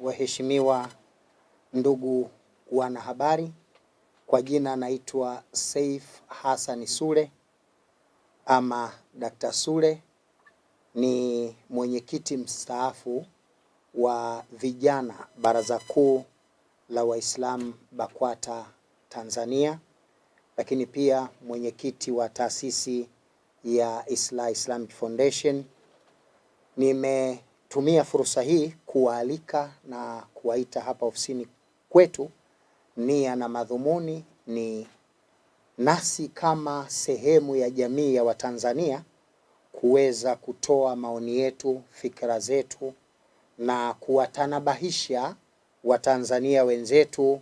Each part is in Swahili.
waheshimiwa ndugu wanahabari, kwa jina naitwa Seif Hassan Sule ama Dr. Sule, ni mwenyekiti mstaafu wa vijana Baraza Kuu la Waislamu BAKWATA Tanzania, lakini pia mwenyekiti wa taasisi ya Isla Islamic Foundation. Nime tumia fursa hii kuwaalika na kuwaita hapa ofisini kwetu. Nia na madhumuni ni nasi kama sehemu ya jamii ya Watanzania kuweza kutoa maoni yetu, fikra zetu na kuwatanabahisha Watanzania wenzetu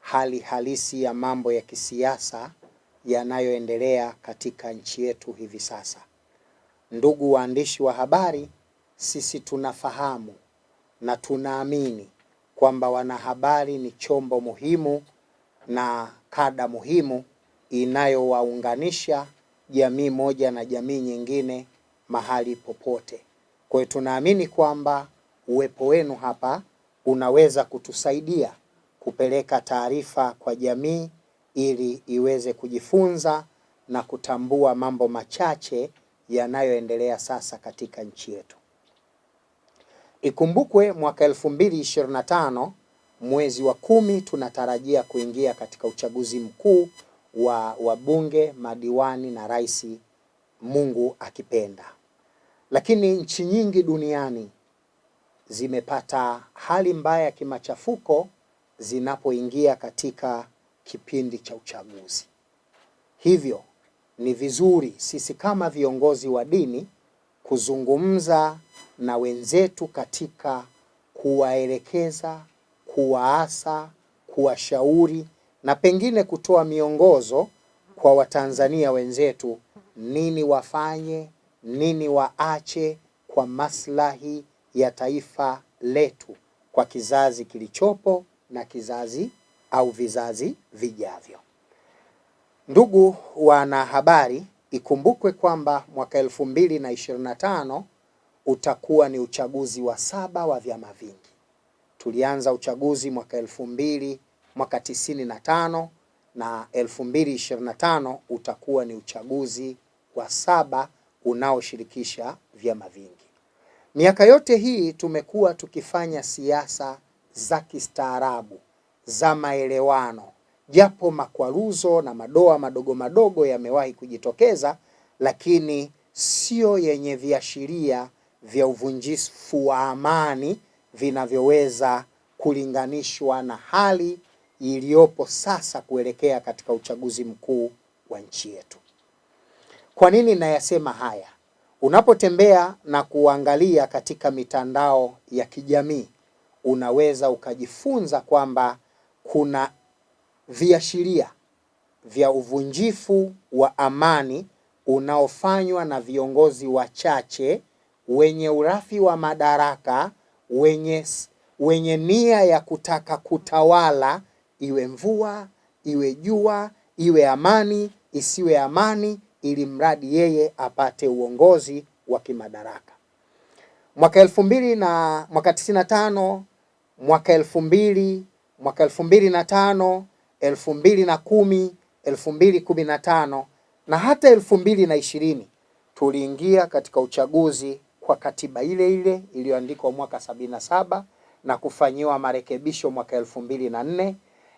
hali halisi ya mambo ya kisiasa yanayoendelea katika nchi yetu hivi sasa. Ndugu waandishi wa habari, sisi tunafahamu na tunaamini kwamba wanahabari ni chombo muhimu na kada muhimu inayowaunganisha jamii moja na jamii nyingine mahali popote. Kwa hiyo tunaamini kwamba uwepo wenu hapa unaweza kutusaidia kupeleka taarifa kwa jamii ili iweze kujifunza na kutambua mambo machache yanayoendelea sasa katika nchi yetu. Ikumbukwe mwaka 2025 mwezi wa kumi tunatarajia kuingia katika uchaguzi mkuu wa wabunge, madiwani na rais, Mungu akipenda. Lakini nchi nyingi duniani zimepata hali mbaya ya kimachafuko zinapoingia katika kipindi cha uchaguzi. Hivyo ni vizuri sisi kama viongozi wa dini kuzungumza na wenzetu katika kuwaelekeza, kuwaasa, kuwashauri na pengine kutoa miongozo kwa Watanzania wenzetu, nini wafanye, nini waache kwa maslahi ya taifa letu kwa kizazi kilichopo na kizazi au vizazi vijavyo. Ndugu wanahabari, Ikumbukwe kwamba mwaka elfu mbili na ishirini na tano utakuwa ni uchaguzi wa saba wa vyama vingi. Tulianza uchaguzi mwaka elfu mbili mwaka tisini na tano na elfu mbili ishirini na tano utakuwa ni uchaguzi wa saba unaoshirikisha vyama vingi. Miaka yote hii tumekuwa tukifanya siasa za kistaarabu za maelewano japo makwaruzo na madoa madogo madogo yamewahi kujitokeza, lakini sio yenye viashiria vya uvunjifu wa amani vinavyoweza kulinganishwa na hali iliyopo sasa kuelekea katika uchaguzi mkuu wa nchi yetu. Kwa nini nayasema haya? Unapotembea na kuangalia katika mitandao ya kijamii, unaweza ukajifunza kwamba kuna viashiria vya uvunjifu wa amani unaofanywa na viongozi wachache wenye urafi wa madaraka, wenye, wenye nia ya kutaka kutawala, iwe mvua iwe jua iwe amani isiwe amani, ili mradi yeye apate uongozi wa kimadaraka. Mwaka elfu mbili na mwaka tisini na tano mwaka elfu mbili mwaka elfu mbili na tano elfu mbili na kumi, elfu mbili kumi na tano na hata elfu mbili na ishirini tuliingia katika uchaguzi kwa katiba ile ile iliyoandikwa mwaka sabini na saba na kufanyiwa marekebisho mwaka elfu mbili na nne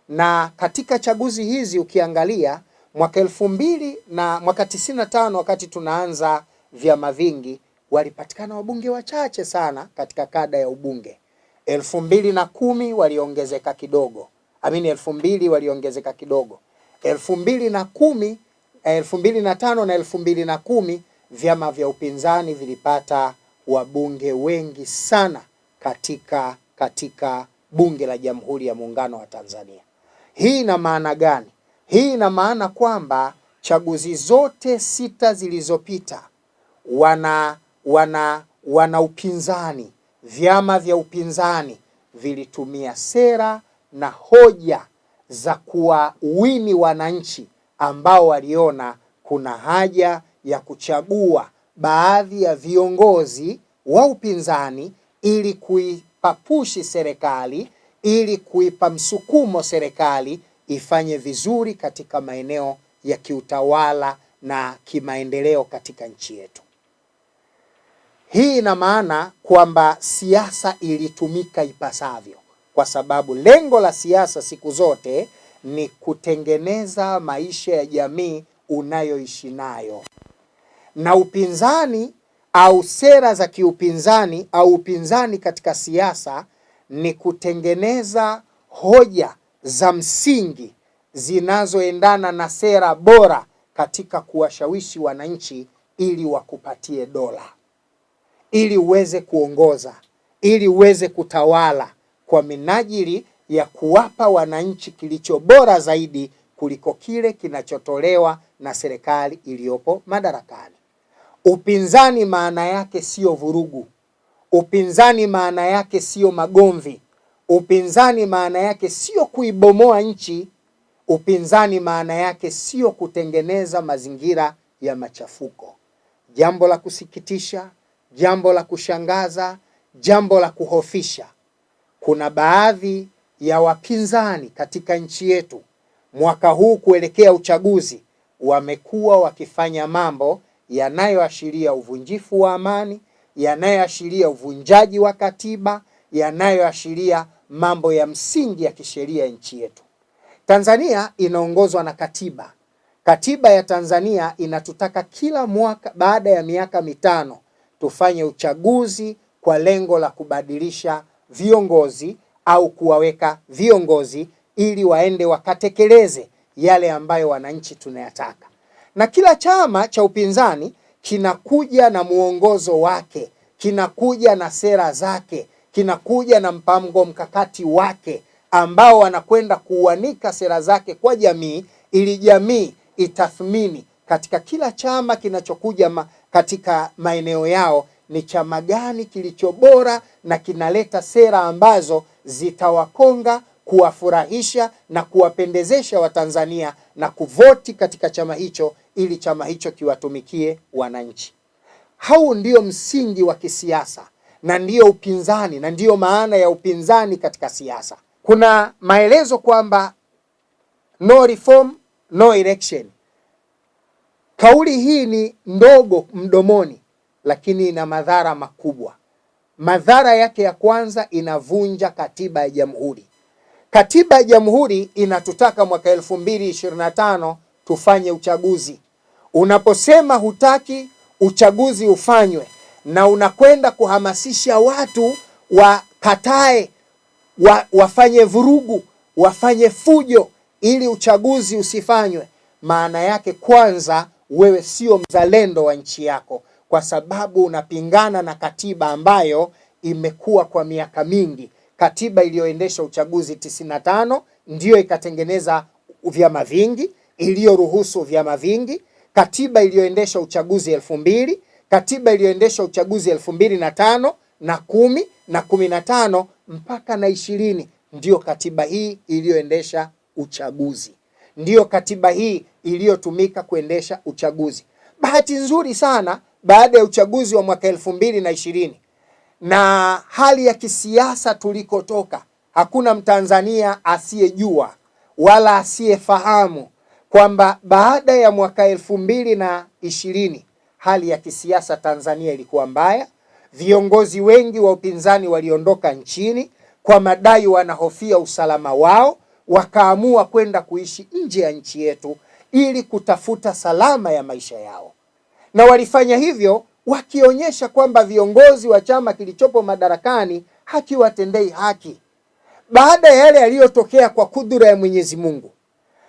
na katika chaguzi hizi ukiangalia mwaka elfu mbili na mwaka tisini na tano wakati tunaanza vyama vingi walipatikana wabunge wachache sana katika kada ya ubunge. elfu mbili na kumi waliongezeka kidogo amini, elfu mbili waliongezeka kidogo. elfu mbili na kumi, elfu mbili na tano na elfu mbili na kumi vyama vya upinzani vilipata wabunge wengi sana katika katika bunge la Jamhuri ya Muungano wa Tanzania. Hii ina maana gani? Hii ina maana kwamba chaguzi zote sita zilizopita wana wana wana upinzani, vyama vya upinzani vilitumia sera na hoja za kuwawini wananchi ambao waliona kuna haja ya kuchagua baadhi ya viongozi wa upinzani ili kuipapushi serikali, ili kuipa msukumo serikali ifanye vizuri katika maeneo ya kiutawala na kimaendeleo katika nchi yetu. Hii ina maana kwamba siasa ilitumika ipasavyo kwa sababu lengo la siasa siku zote ni kutengeneza maisha ya jamii unayoishi nayo, na upinzani au sera za kiupinzani au upinzani katika siasa ni kutengeneza hoja za msingi zinazoendana na sera bora katika kuwashawishi wananchi ili wakupatie dola, ili uweze kuongoza, ili uweze kutawala, kwa minajili ya kuwapa wananchi kilicho bora zaidi kuliko kile kinachotolewa na serikali iliyopo madarakani. Upinzani maana yake siyo vurugu. Upinzani maana yake siyo magomvi. Upinzani maana yake siyo kuibomoa nchi. Upinzani maana yake siyo kutengeneza mazingira ya machafuko. Jambo la kusikitisha, jambo la kushangaza, jambo la kuhofisha kuna baadhi ya wapinzani katika nchi yetu mwaka huu kuelekea uchaguzi wamekuwa wakifanya mambo yanayoashiria uvunjifu wa amani, yanayoashiria uvunjaji wa katiba, yanayoashiria mambo ya msingi ya kisheria nchi yetu. Tanzania inaongozwa na katiba. Katiba ya Tanzania inatutaka kila mwaka baada ya miaka mitano tufanye uchaguzi kwa lengo la kubadilisha viongozi au kuwaweka viongozi ili waende wakatekeleze yale ambayo wananchi tunayataka. Na kila chama cha upinzani kinakuja na mwongozo wake, kinakuja na sera zake, kinakuja na mpango mkakati wake ambao wanakwenda kuuanika sera zake kwa jamii ili jamii itathmini katika kila chama kinachokuja ma, katika maeneo yao ni chama gani kilicho bora na kinaleta sera ambazo zitawakonga kuwafurahisha na kuwapendezesha Watanzania na kuvoti katika chama hicho ili chama hicho kiwatumikie wananchi. Hau ndiyo msingi wa kisiasa na ndiyo upinzani na ndiyo maana ya upinzani katika siasa. Kuna maelezo kwamba no reform, no election. Kauli hii ni ndogo mdomoni lakini ina madhara makubwa. Madhara yake ya kwanza, inavunja katiba ya jamhuri. Katiba ya jamhuri inatutaka mwaka 2025 tufanye uchaguzi. Unaposema hutaki uchaguzi ufanywe na unakwenda kuhamasisha watu wakatae, wa, wafanye vurugu, wafanye fujo ili uchaguzi usifanywe, maana yake kwanza, wewe sio mzalendo wa nchi yako kwa sababu unapingana na katiba ambayo imekuwa kwa miaka mingi. Katiba iliyoendesha uchaguzi 95 ndiyo ikatengeneza vyama vingi, iliyoruhusu vyama vingi, katiba iliyoendesha uchaguzi elfu mbili, katiba iliyoendesha uchaguzi elfu mbili na tano na kumi na kumi na tano mpaka na ishirini ndiyo katiba hii iliyoendesha uchaguzi, ndiyo katiba hii iliyotumika kuendesha uchaguzi. Bahati nzuri sana baada ya uchaguzi wa mwaka elfu mbili na ishirini na hali ya kisiasa tulikotoka, hakuna Mtanzania asiyejua wala asiyefahamu kwamba baada ya mwaka elfu mbili na ishirini hali ya kisiasa Tanzania ilikuwa mbaya. Viongozi wengi wa upinzani waliondoka nchini kwa madai wanahofia usalama wao, wakaamua kwenda kuishi nje ya nchi yetu ili kutafuta salama ya maisha yao na walifanya hivyo wakionyesha kwamba viongozi wa chama kilichopo madarakani hakiwatendei haki. Baada ya yale yaliyotokea kwa kudura ya Mwenyezi Mungu,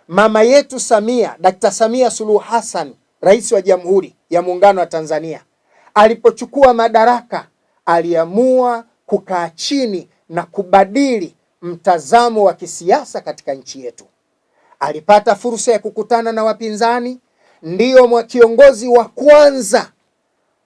mama yetu Samia, Dkt. Samia Suluhu Hassan, rais wa Jamhuri ya Muungano wa Tanzania, alipochukua madaraka, aliamua kukaa chini na kubadili mtazamo wa kisiasa katika nchi yetu. Alipata fursa ya kukutana na wapinzani ndiyo kiongozi wa kwanza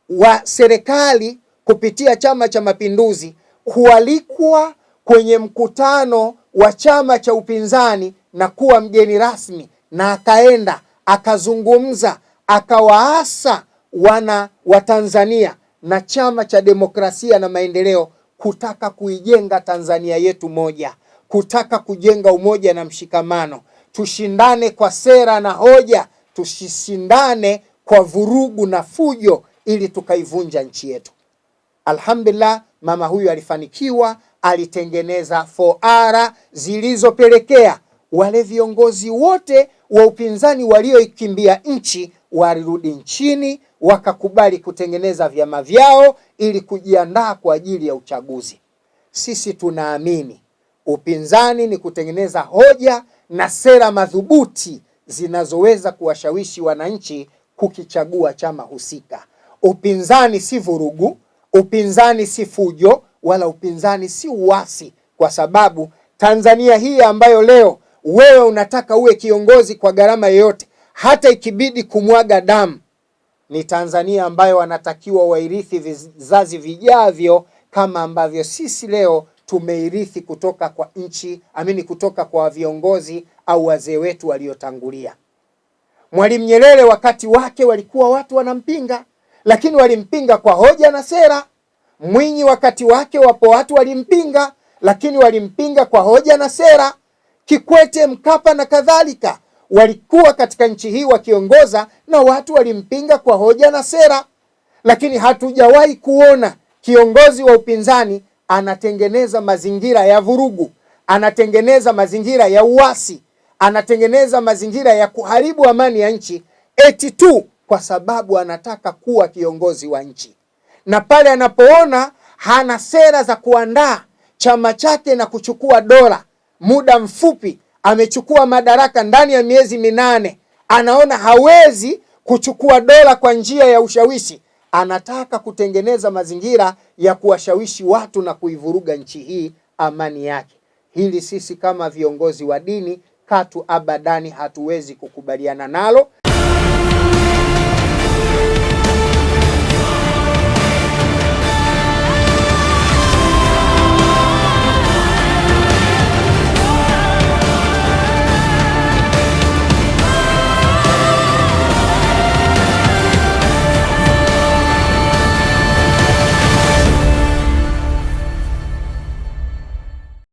wa serikali kupitia Chama cha Mapinduzi kualikwa kwenye mkutano wa chama cha upinzani na kuwa mgeni rasmi, na akaenda akazungumza, akawaasa wana wa Tanzania na Chama cha Demokrasia na Maendeleo kutaka kuijenga Tanzania yetu moja, kutaka kujenga umoja na mshikamano, tushindane kwa sera na hoja tusishindane kwa vurugu na fujo ili tukaivunja nchi yetu. Alhamdulillah, mama huyu alifanikiwa, alitengeneza foara zilizopelekea wale viongozi wote wa upinzani walioikimbia nchi walirudi nchini, wakakubali kutengeneza vyama vyao ili kujiandaa kwa ajili ya uchaguzi. Sisi tunaamini upinzani ni kutengeneza hoja na sera madhubuti zinazoweza kuwashawishi wananchi kukichagua chama husika. Upinzani si vurugu, upinzani si fujo, wala upinzani si uasi, kwa sababu Tanzania hii ambayo leo wewe unataka uwe kiongozi kwa gharama yoyote, hata ikibidi kumwaga damu, ni Tanzania ambayo wanatakiwa wairithi vizazi vijavyo, kama ambavyo sisi leo tumeirithi kutoka kwa nchi amini, kutoka kwa viongozi au wazee wetu waliotangulia. Mwalimu Nyerere wakati wake walikuwa watu wanampinga, lakini walimpinga kwa hoja na sera. Mwinyi wakati wake wapo watu walimpinga, lakini walimpinga kwa hoja na sera. Kikwete, Mkapa na kadhalika walikuwa katika nchi hii wakiongoza na watu walimpinga kwa hoja na sera, lakini hatujawahi kuona kiongozi wa upinzani anatengeneza mazingira ya vurugu, anatengeneza mazingira ya uasi, anatengeneza mazingira ya kuharibu amani ya nchi eti tu kwa sababu anataka kuwa kiongozi wa nchi, na pale anapoona hana sera za kuandaa chama chake na kuchukua dola muda mfupi amechukua madaraka ndani ya miezi minane, anaona hawezi kuchukua dola kwa njia ya ushawishi, anataka kutengeneza mazingira ya kuwashawishi watu na kuivuruga nchi hii amani yake. Hili sisi kama viongozi wa dini katu abadani hatuwezi kukubaliana nalo.